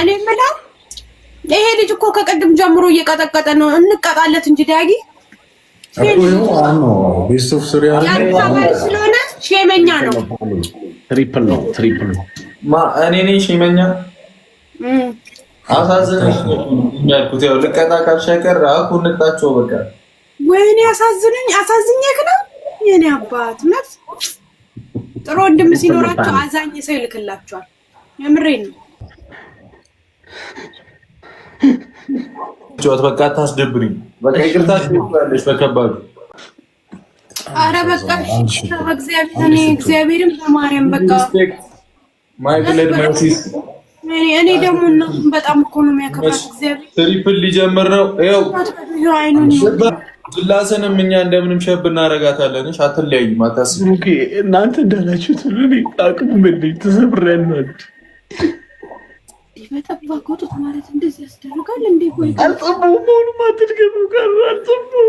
እኔ የምለው ይሄ ልጅ እኮ ከቅድም ጀምሮ እየቀጠቀጠ ነው። እንቀጣለት እንጂ ዳጊ ስለሆነ ሼመኛ ነው። ትሪፕል ነው። ትሪፕል ነው። እኔ ነኝ ሼመኛ። አሳዝነሽ ያው ልቀጣ ካልሻገር አኩ እንጣቸው በቃ ወይኔ አሳዝነኝ አሳዝኘክ ነው የኔ አባት እውነት ጥሩ ወንድም ሲኖራቸው አዛኝ ሰው ይልክላቸዋል። የምሬን ነው። ጨዋት በቃ አታስደብሪኝ። በቃ ይቅርታ ትላለች በከባዱ አረ በቃ እግዚአብሔርም በማርያም በቃ ማይ ብለድ ማይሲስ እኔ ደግሞ እናቱን በጣም እኮ ነው የሚያከብራት። እግዚአብሔር ትሪፕል ሊጀምር ነው። ይኸው ጅላሰንም እኛ እንደምንም ሸብ እናደርጋታለን። እሺ አትለያይም፣ አታስቢ። እናንተ እንዳላችሁት ሁሉ አቅሙ መለኝ ተሰብረናል። በጠባ ቆጡት ማለት እንደዚህ ያስደርጋል እንዴ? ወይ አልጠባው መሆኑ ማትድገሙ ጋር አልጠባው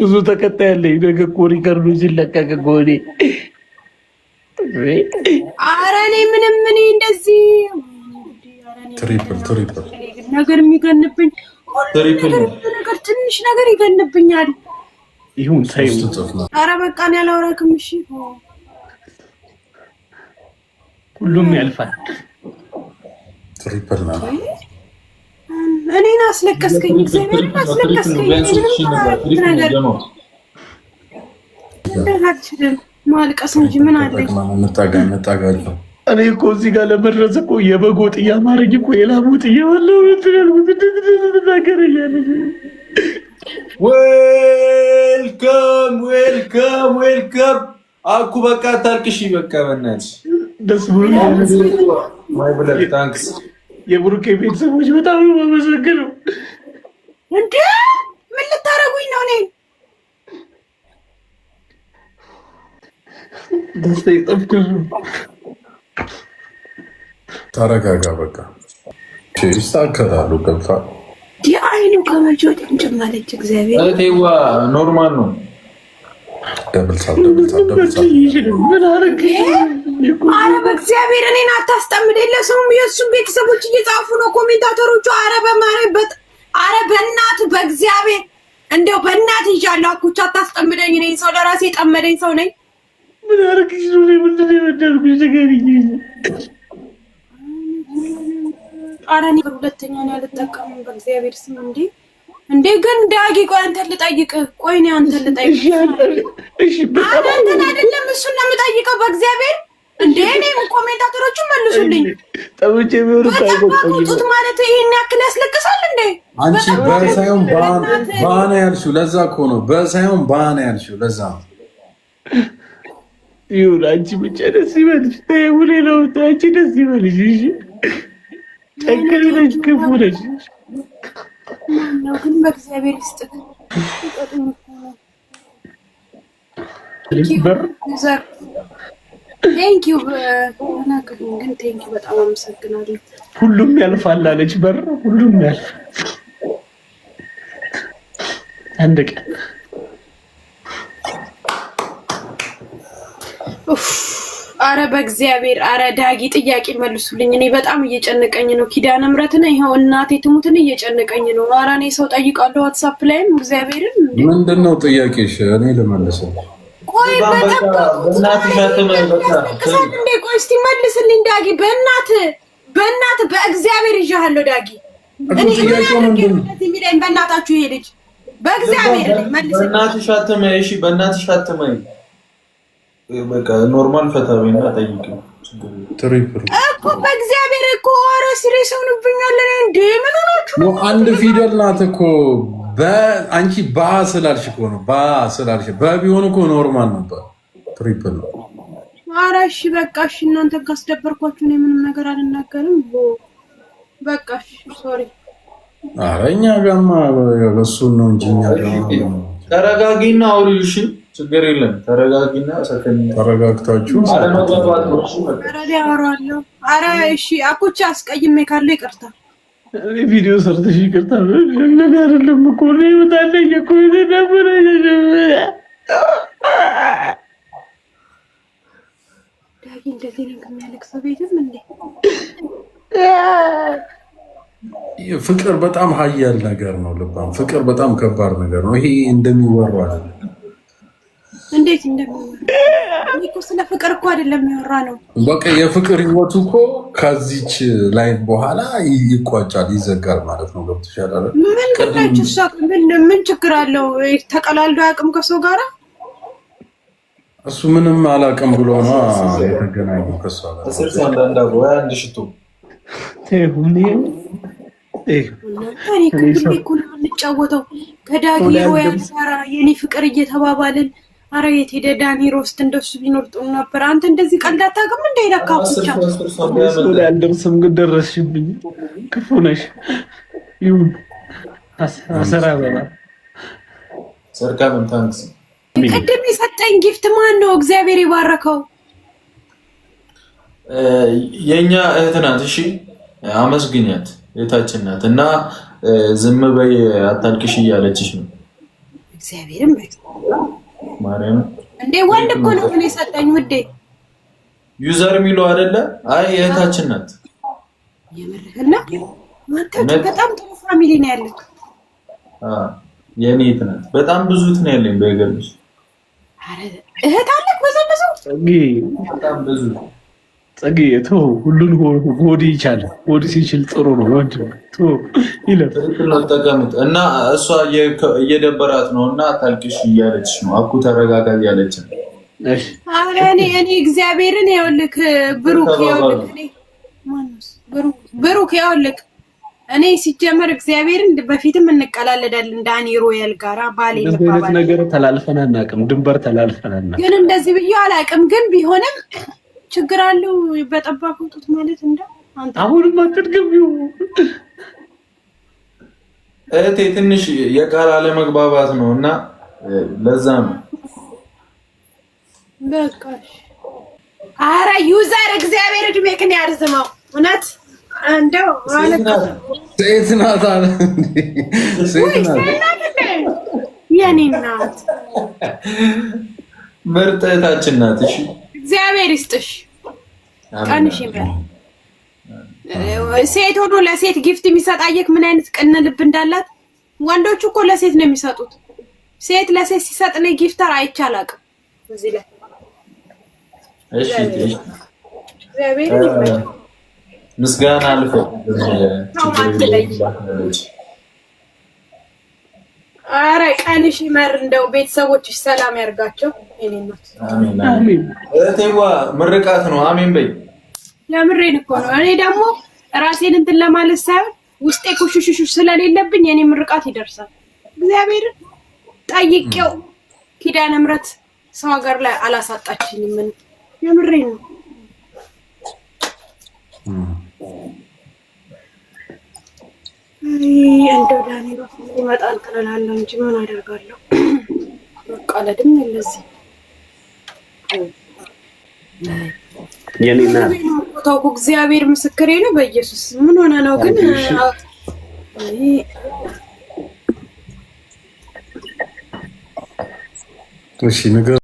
ብዙ ተከታይ ያለኝ ነገ እኮ ሪከርዱ ሲለቀቅ እኮ እኔ ኧረ እኔ ምንም እኔ እንደዚህ ትሪፕል ትሪፕል ነገር የሚገንብኝ ነገር ትንሽ ነገር ይገንብኛል። ይሁን ተይው። ኧረ በቃ እኔ አላወራክም። እሺ ሁሉም ያልፋል። ትሪፕል ነው። እኔን አስለቀስከኝ፣ እግዚአብሔር አስለቀስከኝ። ማልቀስ እንጂ ምን አለኝ? እኔ እኮ እዚህ ጋር ለመድረስ እኮ የበግ ወጥ እያማረኝ እኮ የላም ነው አኩ በቃ ታልቅሽ፣ በቃ በእናትሽ ደስ ብሎ ማይ ታንክስ። የብሩኬ ቤተሰቦች በጣም ነው የማመሰግነው። እንዴ ምን ልታረጉኝ ነው? እኔ ደስታ ይጠብቅ። ተረጋጋ፣ በቃ ይሳካላሉ። ገብታ የአይኑ ከመጆት እንጭማለች። እግዚአብሔር ዋ ኖርማል ነው አረ በእግዚአብሔር እኔን አታስጠምድ። ለሰውም ቤተሰቦች እየጻፉ ነው ኮሜንታተሮቹ። አረ በማረበት አረ በእናት በእግዚአብሔር እንደው በእናት ይዣለሁ። አኩቻ አታስጠምደኝ። እኔ ሰው ለራሴ የጠመደኝ ሰው ነኝ። ምን አረግሽ ነው? ምንድን ነው የበደልኩሽ? ንገሪኝ። አረ እኔ ሁለተኛ ነው ያልጠቀሙ በእግዚአብሔር ስም እንዴ እንዴ ግን ዳጊ ቆይ አንተን ልጠይቅ። ቆይ ነው አንተን ልጠይቅ። እሺ አረ እንትን አይደለም እሱን ነው የምጠይቀው በእግዚአብሔር። እንዴ እኔ ኮሜንታተሮቹ መልሱልኝ። ጠብቼ ቢሆን ታይቆጥ ማለት ይሄን ያክል ያስለቅሳል እንዴ? አንቺ በሳይሆን ባና ያልሽው ለዛ እኮ ነው። በሳይሆን ባና ያልሽው ለዛ ነው። ይሁን አንቺ ብቻ ደስ ይበልሽ። ተይው ሌላው አንቺ ደስ ይበልሽ። እሺ ጨካኝ ነሽ፣ ክፉ ነሽ። ነው ግን በእግዚአብሔር ይስጥክ። uh, ሁሉም ያልፋል አለች በር ሁሉም ያልፋል። አንድ ቀን አረ በእግዚአብሔር አረ ዳጊ ጥያቄ መልሱልኝ። እኔ በጣም እየጨነቀኝ ነው። ኪዳነ ምሕረትን ይኸው እናቴ ትሙትን እየጨነቀኝ ነው። አረ እኔ ሰው ጠይቃለሁ ዋትሳፕ ላይም እግዚአብሔርን። ምንድን ነው ጥያቄሽ? እኔ ልመልሰው። ቆይ እንዴ ቆይ እስቲ መልስልኝ ዳጊ። በእናት በእናት በእግዚአብሔር ይዣሃለሁ ዳጊ። እኔ በእናታችሁ ይሄ ልጅ በእግዚአብሔር መልስ። በእናትሽ አትመይ፣ በእናትሽ አትመይ በቃ ኖርማል ፈታ እና ጠይቅ እኮ በእግዚአብሔር እኮ ኧረ ሲሪየስ ሆንብኛለን። እንደ ምን ሆናችሁ አንድ ፊደል ናት እኮ አንቺ ባ ስላልሽ እኮ ነው። ባ ስላልሽ በቢሆን እኮ ኖርማል ነበር። ትሪፕል ነው። ኧረ እሺ በቃ እሺ። እናንተ ካስደበርኳችሁ እኔ ምንም ነገር አልናገርም። በቃ እሺ ሶሪ። ኧረ እኛ ጋማ በሱን ነው እንጂ እኛ ተረጋጊና አውሪልሽን ችግር የለም። ተረጋጊና ሰከኝ ተረጋግታችሁ አረ ነው። ኧረ እሺ አኮቼ አስቀይሜ ካለ ይቅርታ። እኔ ቪዲዮ ሰርተሽ ይቅርታ ነገር አይደለም እኮ እኔ እመጣለሁ እኮ ነበረ ዳጊ እንደዚህ ነው ከሚያለቅሰው ቤትም እንዴ ፍቅር በጣም ሀያል ነገር ነው። ልባም ፍቅር በጣም ከባድ ነገር ነው። ይሄ እንደሚወራው አይደለም። እንዴት እንደሚሆን እኮ ስለ ፍቅር እኮ አይደለም የሚወራ ነው። በቃ የፍቅር ህይወቱ እኮ ከዚች ላይ በኋላ ይቋጫል፣ ይዘጋል ማለት ነው። ገብቶሻል? ምን ምን ችግር አለው? ተቀላልዶ አያውቅም ከሰው ጋራ። እሱ ምንም አላውቅም ብሎ ነው የተገናኘው ከሷ ጋር። አንድ ምንጫወተው ከዳጊ ሮያን ጋራ የኔ ፍቅር እየተባባልን አረ የት ሄደ ዳኒ ሮስት? እንደሱ ቢኖር ጥሩ ነበር። አንተ እንደዚህ ቀልድ አታውቅም። እንደሄደ አካብቻ አልደርስም፣ ግን ደረስሽብኝ። ክፉ ነሽ። ይሁን አሰራ በላ ቅድም የሰጠኝ ጊፍት ማን ነው? እግዚአብሔር ይባረከው። የእኛ እህት ናት። እሺ አመስግኛት። የታችን ናት እና ዝም በይ አታልቅሽ እያለችሽ ነው እግዚአብሔርም እንዴ ወንድ እኮ ነው እኔ ሰጠኝ ውዴ ዩዘር የሚለው አይደለ? አይ እህታችን ናት። የምርህና በጣም ጥሩ ፋሚሊ ነው ያለህ። አዎ ናት። በጣም ብዙ እህት ነው ያለኝ በገርምሽ። እህት አለህ? በዛ በዛ በጣም ብዙ ጸግዬ ቶ ሁሉን ጎዲ ይቻለ ጎዲ ሲችል ጥሩ ነው። ወንድ ተቀምጥ እና እሷ እየደበራት ነው እና ታልቅሽ እያለች ነው። አኩ ተረጋጋ እያለች ነው። እኔ እኔ እግዚአብሔርን ይኸውልህ ብሩክ ብሩክ ይኸውልህ እኔ ሲጀመር እግዚአብሔርን በፊትም እንቀላለዳል ዳኒ ሮያል ጋራ ባሌ ነገር ተላልፈን አናውቅም። ድንበር ተላልፈን አናውቅም። ግን እንደዚህ ብዬ አላውቅም። ግን ቢሆንም ችግር አለው። በጠባብ ጡት ማለት እንደው አሁንም አትድገሚው እህቴ። ትንሽ የቃል አለመግባባት ነው እና ለዛ ነው በቃ። አረ ዩዘር እግዚአብሔር እድሜክን ያርዝመው። እውነት እንደው ሴት ናት አለ ሴት ናት የኔ ናት፣ ምርጥ እህታችን ናት። እሺ እግዚአብሔር ይስጥሽ፣ ቀንሽ ይበል። ሴት ሆኖ ለሴት ጊፍት የሚሰጥ አየክ ምን አይነት ቅን ልብ እንዳላት። ወንዶቹ እኮ ለሴት ነው የሚሰጡት። ሴት ለሴት ሲሰጥ ነው ጊፍተር አይቻላቅም። እዚህ ላይ እሺ፣ እግዚአብሔር ምስጋና አልፈው አረ ቀንሽ ይመር። እንደው ቤተሰቦችሽ ሰላም ያርጋቸው። እህቴዋ ምርቃት ነው። አሜን በይ። የምሬን እኮ ነው። እኔ ደግሞ ራሴን እንትን ለማለት ሳይሆን ውስጤ ኩሽሽሽ ስለሌለብኝ የኔ ምርቃት ይደርሳል። እግዚአብሔርን ጠይቄው ኪዳነ ምሕረት ሰው ሀገር ላይ አላሳጣችኝም። የምሬን ነው። እንደ ዳኒ ይመጣል ትላለህ እንጂ ምን አደርጋለሁ። ቃለድም የለዚህ ታውቁ እግዚአብሔር ምስክሬ ነው። በኢየሱስ ምን ሆነ ነው ግን እሺ ነገር